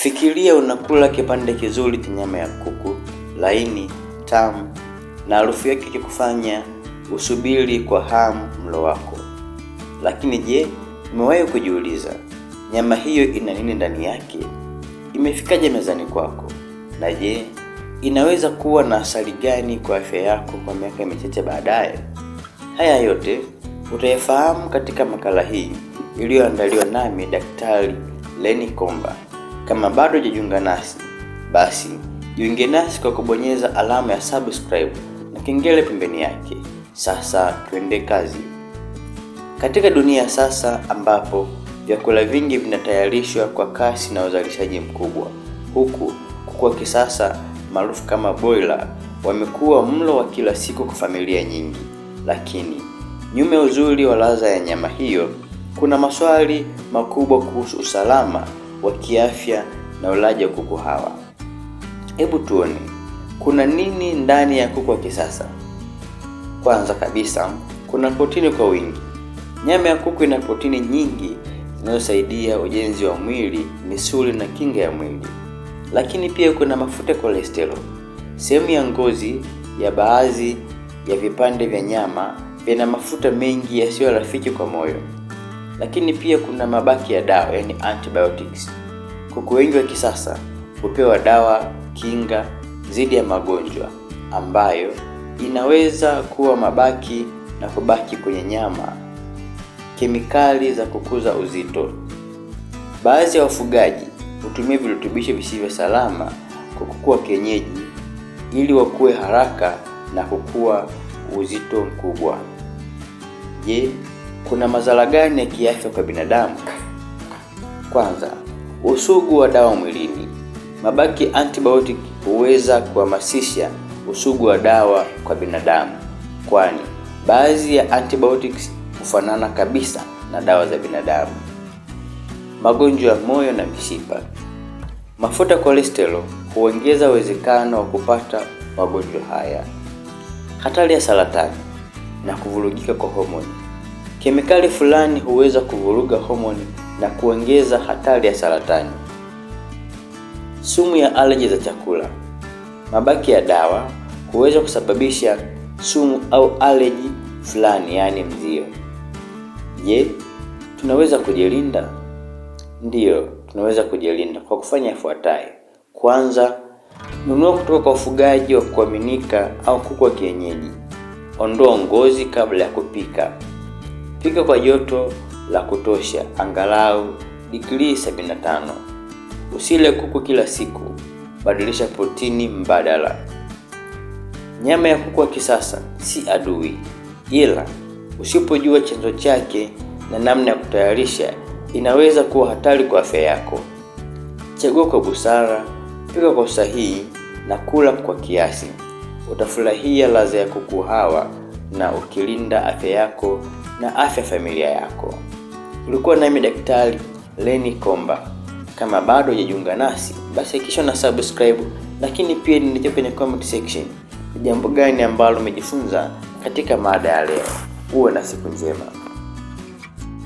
Fikiria unakula kipande kizuri cha nyama ya kuku laini, tamu na harufu yake ikikufanya usubiri kwa hamu mlo wako. Lakini je, umewahi kujiuliza nyama hiyo ina nini ndani yake? Imefikaje mezani kwako? Na je, inaweza kuwa na athari gani kwa afya yako kwa miaka michache baadaye? Haya yote utayafahamu katika makala hii iliyoandaliwa nami Daktari Leni Komba. Kama bado hujajiunga nasi, basi jiunge nasi kwa kubonyeza alama ya subscribe na kengele pembeni yake. Sasa tuende kazi. Katika dunia sasa ambapo vyakula vingi vinatayarishwa kwa kasi na uzalishaji mkubwa, huku kuku wa kisasa maarufu kama boiler wamekuwa mlo wa kila siku kwa familia nyingi, lakini nyuma uzuri wa ladha ya nyama hiyo kuna maswali makubwa kuhusu usalama wa kiafya na ulaji wa kuku hawa. Hebu tuone kuna nini ndani ya kuku wa kisasa. Kwanza kabisa, kuna protini kwa wingi. Nyama ya kuku ina protini nyingi zinazosaidia ujenzi wa mwili, misuli na kinga ya mwili, lakini pia kuna mafuta ya kolesterol. Sehemu ya ngozi ya baadhi ya vipande vya nyama vina mafuta mengi yasiyo rafiki kwa moyo. Lakini pia kuna mabaki ya dawa, yani antibiotics. Kuku wengi wa kisasa hupewa dawa kinga dhidi ya magonjwa ambayo inaweza kuwa mabaki na kubaki kwenye nyama, kemikali za kukuza uzito. Baadhi ya wafugaji hutumia virutubisho visivyo salama kwa kuku wa kienyeji ili wakue haraka na kukua uzito mkubwa. Je, kuna madhara gani ya kiafya kwa binadamu? Kwanza, usugu wa dawa mwilini. Mabaki ya antibiotic huweza kuhamasisha usugu wa dawa kwa binadamu, kwani baadhi ya antibiotics hufanana kabisa na dawa za binadamu. Magonjwa ya moyo na mishipa. Mafuta cholesterol huongeza uwezekano wa kupata magonjwa haya. Hatari ya saratani na kuvurugika kwa homoni. Kemikali fulani huweza kuvuruga homoni na kuongeza hatari ya saratani. Sumu ya aleji za chakula. Mabaki ya dawa huweza kusababisha sumu au aleji fulani, yaani mzio. Je, tunaweza kujilinda? Ndiyo, tunaweza kujilinda kwa kufanya yafuatayo. Kwanza, nunua kutoka kwa ufugaji wa kuaminika au kuku wa kienyeji. Ondoa ngozi kabla ya kupika. Pika kwa joto la kutosha, angalau digrii 75. Usile kuku kila siku, badilisha protini mbadala. Nyama ya kuku wa kisasa si adui, ila usipojua chanzo chake na namna ya kutayarisha inaweza kuwa hatari kwa afya yako. Chagua kwa busara, pika kwa usahihi na kula kwa kiasi. Utafurahia ladha ya kuku hawa na ukilinda afya yako na afya familia yako. Ulikuwa nami Daktari Lenny Komba. Kama bado hujajiunga nasi, basi hakikisha na subscribe, lakini pia niletee kwenye comment section jambo gani ambalo umejifunza katika mada ya leo. Uwe na siku njema.